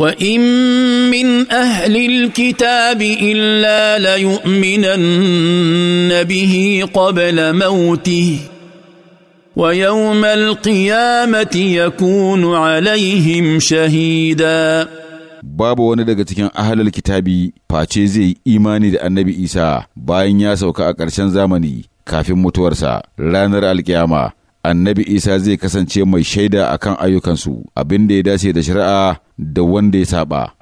وان من اهل الكتاب الا ليؤمنن به قبل موته ويوم ya يكون عليهم شهيدا babu wani daga cikin ahalar kitabi face zai yi imani da annabi isa bayan ya sauka a ƙarshen zamani kafin mutuwarsa ranar alkiyama annabi isa zai kasance mai shaida akan ayyukansu abin da ya dace da shari'a da wanda ya saba